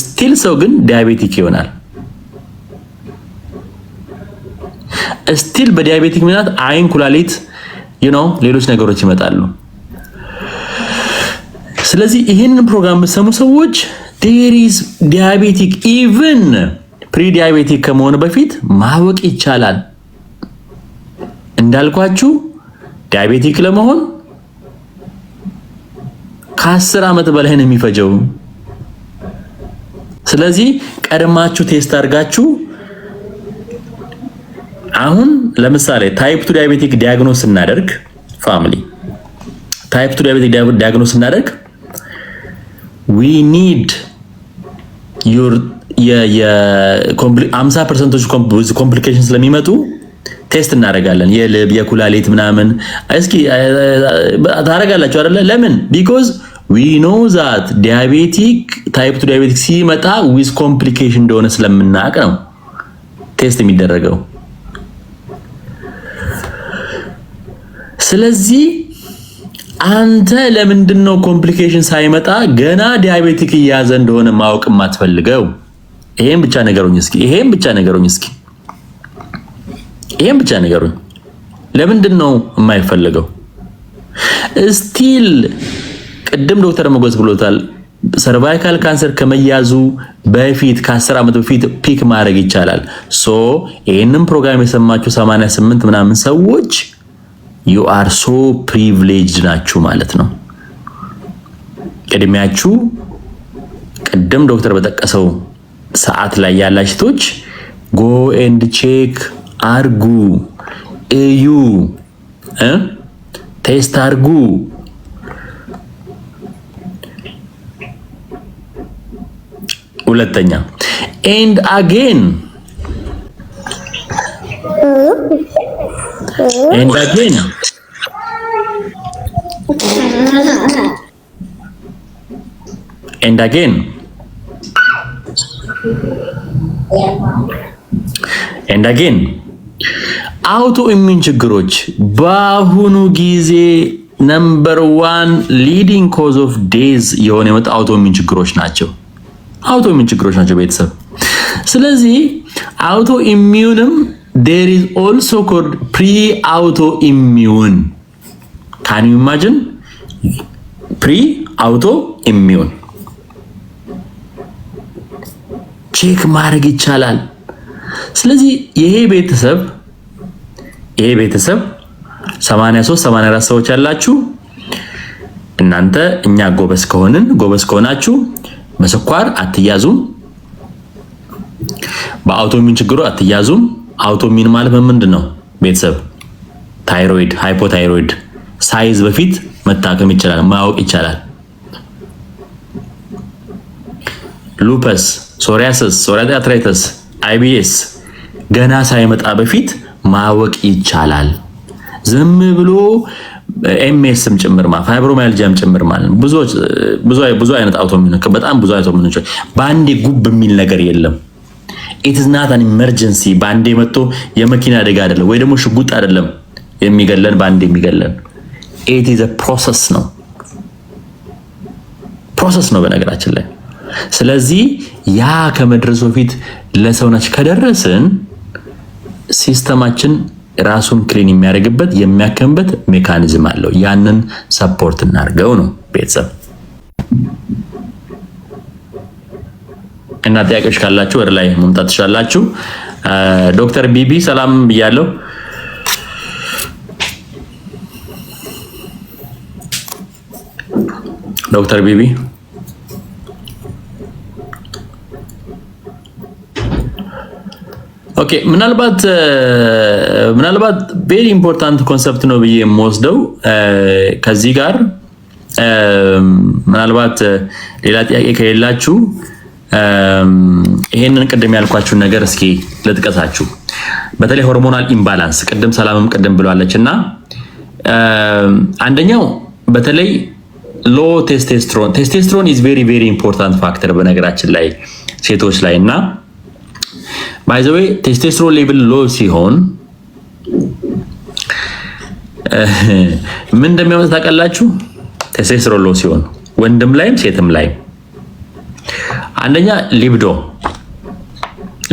ስቲል ሰው ግን ዲያቤቲክ ይሆናል። ስቲል በዲያቤቲክ ምክንያት አይን፣ ኩላሊት ዩ ኖ ሌሎች ነገሮች ይመጣሉ። ስለዚህ ይህንን ፕሮግራም የምትሰሙ ሰዎች ዴር ኢዝ ዲያቤቲክ ኢቭን ፕሪ ዲያቤቲክ ከመሆኑ በፊት ማወቅ ይቻላል። እንዳልኳችሁ ዲያቤቲክ ለመሆን ከአስር ዓመት በላይ ነው የሚፈጀው። ስለዚህ ቀድማችሁ ቴስት አድርጋችሁ አሁን ለምሳሌ ታይፕ 2 ዲያቤቲክ ዲያግኖስ ስናደርግ ፋሚሊ ታይፕ 2 ዲያቤቲክ ዲያግኖስ ስናደርግ ዊ ኒድ ዩር የአምሳ ፐርሰንቶች ኮምፕሊኬሽን ስለሚመጡ ቴስት እናደርጋለን። የልብ የኩላሊት ምናምን እስኪ ታደርጋላችሁ አይደለ? ለምን ቢኮዝ ዊ ኖ ዛት ዲያቤቲክ ታይፕ ቱ ዲያቤቲክ ሲመጣ ዊዝ ኮምፕሊኬሽን እንደሆነ ስለምናውቅ ነው ቴስት የሚደረገው። ስለዚህ አንተ ለምንድን ነው ኮምፕሊኬሽን ሳይመጣ ገና ዲያቤቲክ እያያዘ እንደሆነ ማወቅ የማትፈልገው? ይሄን ብቻ ነገሩኝ እስኪ። ይሄን ብቻ ነገሩኝ እስኪ። ይሄን ብቻ ነገሩኝ። ለምንድን ነው የማይፈልገው? ስቲል ቅድም ዶክተር መጎዝ ብሎታል። ሰርቫይካል ካንሰር ከመያዙ በፊት ከአስር ዓመት በፊት ፒክ ማድረግ ይቻላል። ሶ ይህንን ፕሮግራም የሰማችሁ 88 ምናምን ሰዎች ዩ አር ሶ ፕሪቪሌጅድ ናችሁ ማለት ነው። ቅድሚያችሁ ቅድም ዶክተር በጠቀሰው ሰዓት ላይ ያላችሁ ሴቶች ጎ ኤንድ ቼክ አርጉ፣ እዩ፣ ቴስት አርጉ ሁለተኛ ኤንድ አጌን ኤንድ አጌን ኤንድ አጌን ኤንድ አጌን አውቶ ኢሚን ችግሮች በአሁኑ ጊዜ ነምበር ዋን ሊዲንግ ኮዝ ኦፍ ዴዝ የሆነ የመጣ አውቶ ኢሚን ችግሮች ናቸው። አውቶ ኢሚን ችግሮች ናቸው ቤተሰብ። ስለዚህ አውቶ ኢሚዩንም ዴር ኢዝ ኦልሶ ኮልድ ፕሪ አውቶ ኢሚዩን ካን ዩ ኢማጂን ፕሪ አውቶ ኢሚዩን ቼክ ማድረግ ይቻላል። ስለዚህ ይሄ ቤተሰብ ይሄ ቤተሰብ 83 84 ሰዎች ያላችሁ እናንተ እኛ ጎበዝ ከሆንን ጎበዝ ከሆናችሁ በስኳር አትያዙም፣ በአውቶሚን ችግሩ አትያዙም። አውቶሚን ማለት ምንድን ነው? ቤተሰብ ታይሮይድ፣ ሃይፖታይሮይድ ሳይዝ በፊት መታከም ይቻላል፣ ማወቅ ይቻላል። ሉፐስ፣ ሶሪያስስ፣ ሶሪያቲክ አትራይተስ፣ አይቢኤስ ገና ሳይመጣ በፊት ማወቅ ይቻላል። ዝም ብሎ ኤምኤስም ጭምር ማ ፋይብሮማያልጂያም ጭምር ማለት ነው። ብዙ ብዙ አይነት አውቶሚን በጣም ብዙ አውቶሚን ነው። በአንዴ ጉብ የሚል ነገር የለም። ኢት ናት አን ኢመርጀንሲ። በአንዴ መጥቶ የመኪና አደጋ አይደለም ወይ ደግሞ ሽጉጥ አይደለም የሚገለን በአንዴ የሚገለን ኢት ኢዝ ፕሮሰስ ነው። ፕሮሰስ ነው በነገራችን ላይ ስለዚህ ያ ከመድረሱ በፊት ለሰውናች ከደረስን ሲስተማችን ራሱን ክሊን የሚያደርግበት የሚያከምበት ሜካኒዝም አለው። ያንን ሰፖርት እናድርገው ነው ቤተሰብ። እና ጥያቄዎች ካላችሁ ወደ ላይ መምጣት ትችላላችሁ። ዶክተር ቢቢ ሰላም ብያለሁ። ዶክተር ቢቢ ኦኬ ምናልባት ምናልባት ቬሪ ኢምፖርታንት ኮንሰፕት ነው ብዬ የምወስደው ከዚህ ጋር ምናልባት ሌላ ጥያቄ ከሌላችሁ ይሄንን ቅድም ያልኳችሁን ነገር እስኪ ልጥቀሳችሁ። በተለይ ሆርሞናል ኢምባላንስ ቅድም ሰላምም ቅድም ብሏለች እና አንደኛው በተለይ ሎ ቴስቴስትሮን ቴስቴስትሮን ኢዝ ቬሪ ቬሪ ኢምፖርታንት ፋክተር በነገራችን ላይ ሴቶች ላይ እና ባይዘዌ ቴስቴስትሮን ሌብል ሎ ሲሆን ምን እንደሚያመጣ ታውቃላችሁ? ቴስቴስትሮን ሎ ሲሆን ወንድም ላይም ሴትም ላይም አንደኛ ሊብዶ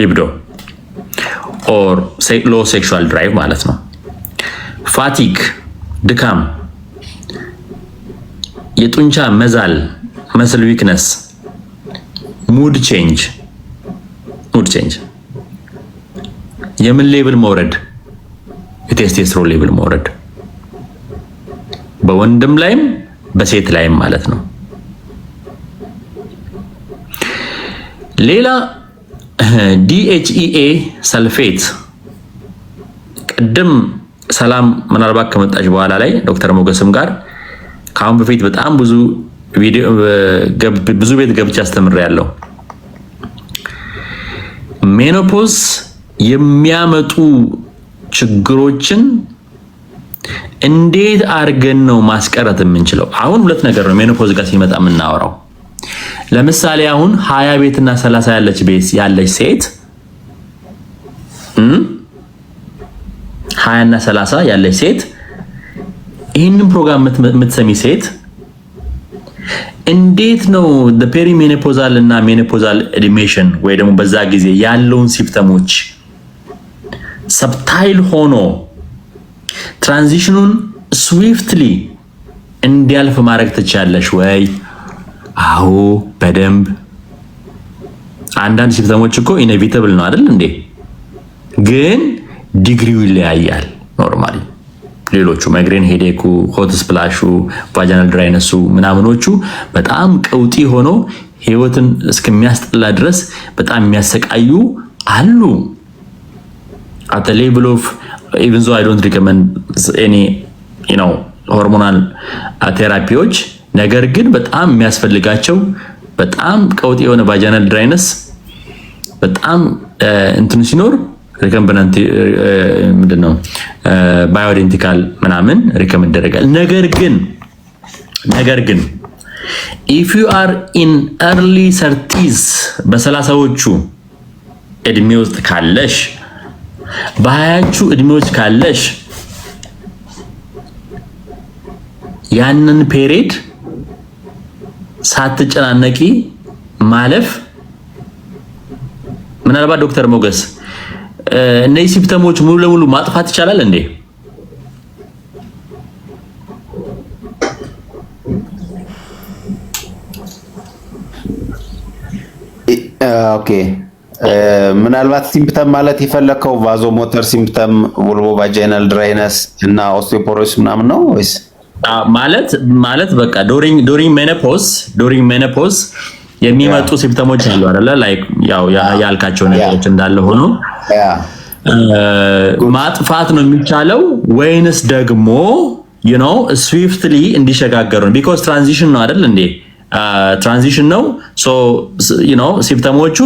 ሊብዶ ኦር ሎ ሴክሹዋል ድራይቭ ማለት ነው። ፋቲግ ድካም፣ የጡንቻ መዛል መስል ዊክነስ፣ ሙድ ቼንጅ ሙድ ቼንጅ የምን ሌብል መውረድ? የቴስቴስትሮን ሌብል መውረድ በወንድም ላይም በሴት ላይም ማለት ነው። ሌላ ዲኤችኢኤ ሰልፌት ቅድም ሰላም ምናልባት ከመጣች በኋላ ላይ ዶክተር ሞገስም ጋር ከአሁን በፊት በጣም ብዙ ብዙ ቤት ገብቻ አስተምሬያለሁ ሜኖፖዝ የሚያመጡ ችግሮችን እንዴት አድርገን ነው ማስቀረት የምንችለው? አሁን ሁለት ነገር ነው ሜኖፖዝ ጋር ሲመጣ የምናወራው። ለምሳሌ አሁን ሀያ ቤትና ሰላሳ ያለች ቤት ያለች ሴት ሀያና ሰላሳ ያለች ሴት ይህንን ፕሮግራም የምትሰሚ ሴት እንዴት ነው ሜኔፖዛል እና ሜኔፖዛል እድሜሽን ወይ ደግሞ በዛ ጊዜ ያለውን ሲፕተሞች ሰብታይል ሆኖ ትራንዚሽኑን ስዊፍትሊ እንዲያልፍ ማድረግ ትችያለሽ ወይ? አዎ በደንብ አንዳንድ ሲምፕተሞች እኮ ኢኔቪተብል ነው አይደል እንዴ? ግን ዲግሪው ይለያያል። ኖርማሊ ሌሎቹ ማይግሬን ሄዴኩ፣ ሆት ስፕላሹ፣ ቫጃናል ድራይነሱ ምናምኖቹ በጣም ቀውጢ ሆኖ ህይወትን እስከሚያስጠላ ድረስ በጣም የሚያሰቃዩ አሉ። at the level of even though I don't recommend any you know ሆርሞናል ቴራፒዎች uh, ነገር ግን በጣም የሚያስፈልጋቸው በጣም ቀውጥ የሆነ ቫጃናል ድራይነስ በጣም uh, እንትኑ ሲኖር ሪከምብናንት ምንድን ነው ባዮኢዴንቲካል ምናምን ሪከመንድ ይደረጋል። ነገር ግን ነገር ግን ኢፍ ዩ አር ኢን ኤርሊ ሰርቲዝ በሰላሳዎቹ እድሜ ውስጥ ካለሽ በሀያችሁ እድሜዎች ካለሽ ያንን ፔሬድ ሳትጨናነቂ ማለፍ ምናልባት ዶክተር ሞገስ እነዚህ ሲምፕተሞች ሙሉ ለሙሉ ማጥፋት ይቻላል እንዴ? ኦኬ ምናልባት ሲምፕተም ማለት የፈለከው ቫዞ ሞተር ሲምፕተም ውልቦ ቫጃይናል ድራይነስ እና ኦስቴፖሮስ ምናምን ነው ወይስ ማለት ማለት በቃ ዶሪንግ ዶሪንግ ሜኖፖዝ ዶሪንግ ሜኖፖዝ የሚመጡ ሲምፕተሞች አሉ አይደለ? ላይክ ያው ያልካቸው ነገሮች እንዳለ ሆኖ ማጥፋት ነው የሚቻለው ወይንስ ደግሞ ዩ ኖ ስዊፍትሊ እንዲሸጋገሩ ነው? ቢኮዝ ትራንዚሽን ነው አይደል እንዴ? ትራንዚሽን ነው ሶ ዩ ኖ ሲምፕተሞቹ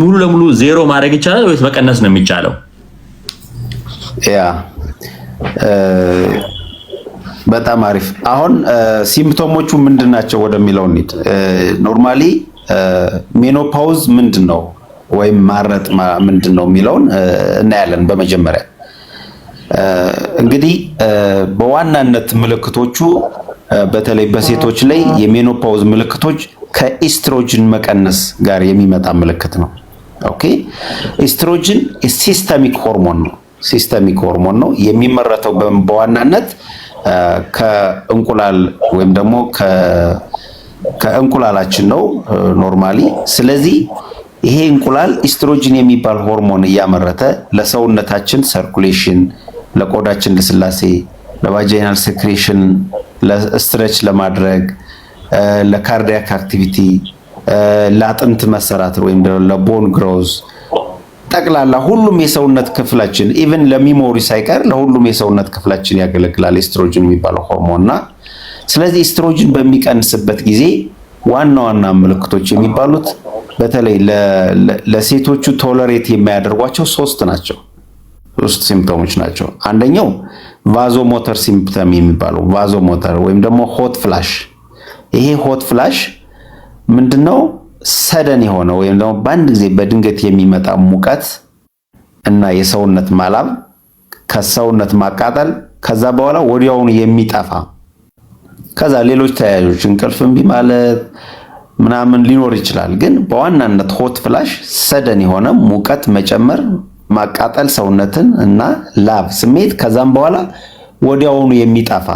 ሙሉ ለሙሉ ዜሮ ማድረግ ይቻላል ወይስ መቀነስ ነው የሚቻለው? ያ በጣም አሪፍ። አሁን ሲምፕቶሞቹ ምንድን ናቸው ወደሚለው እንሂድ። ኖርማሊ ሜኖፓውዝ ምንድን ነው ወይም ማረጥ ምንድን ነው የሚለውን እናያለን። በመጀመሪያ እንግዲህ በዋናነት ምልክቶቹ በተለይ በሴቶች ላይ የሜኖፓውዝ ምልክቶች ከኢስትሮጅን መቀነስ ጋር የሚመጣ ምልክት ነው። ኦኬ ኤስትሮጅን ሲስተሚክ ሆርሞን ነው። ሲስተሚክ ሆርሞን ነው የሚመረተው በዋናነት ከእንቁላል ወይም ደግሞ ከእንቁላላችን ነው ኖርማሊ። ስለዚህ ይሄ እንቁላል ኢስትሮጅን የሚባል ሆርሞን እያመረተ ለሰውነታችን ሰርኩሌሽን፣ ለቆዳችን ልስላሴ፣ ለቫጂናል ሴክሬሽን፣ ለስትረች ለማድረግ፣ ለካርዲያክ አክቲቪቲ ለአጥንት መሰራት ወይም ለቦን ግሮዝ ጠቅላላ ሁሉም የሰውነት ክፍላችን ኢቨን ለሚሞሪ ሳይቀር ለሁሉም የሰውነት ክፍላችን ያገለግላል ኤስትሮጅን የሚባለው ሆርሞን እና ስለዚህ ኤስትሮጅን በሚቀንስበት ጊዜ ዋና ዋና ምልክቶች የሚባሉት በተለይ ለሴቶቹ ቶለሬት የሚያደርጓቸው ሶስት ናቸው። ሶስት ሲምፕቶሞች ናቸው። አንደኛው ቫዞ ሞተር ሲምፕተም የሚባለው ቫዞ ሞተር ወይም ደግሞ ሆት ፍላሽ። ይሄ ሆት ፍላሽ ምንድነው ሰደን የሆነ ወይም ደግሞ በአንድ ጊዜ በድንገት የሚመጣ ሙቀት እና የሰውነት ማላብ ከሰውነት ማቃጠል ከዛ በኋላ ወዲያውኑ የሚጠፋ ከዛ ሌሎች ተያያዦች እንቅልፍ እምቢ ማለት ምናምን ሊኖር ይችላል። ግን በዋናነት ሆት ፍላሽ ሰደን የሆነ ሙቀት መጨመር፣ ማቃጠል ሰውነትን እና ላብ ስሜት ከዛም በኋላ ወዲያውኑ የሚጠፋ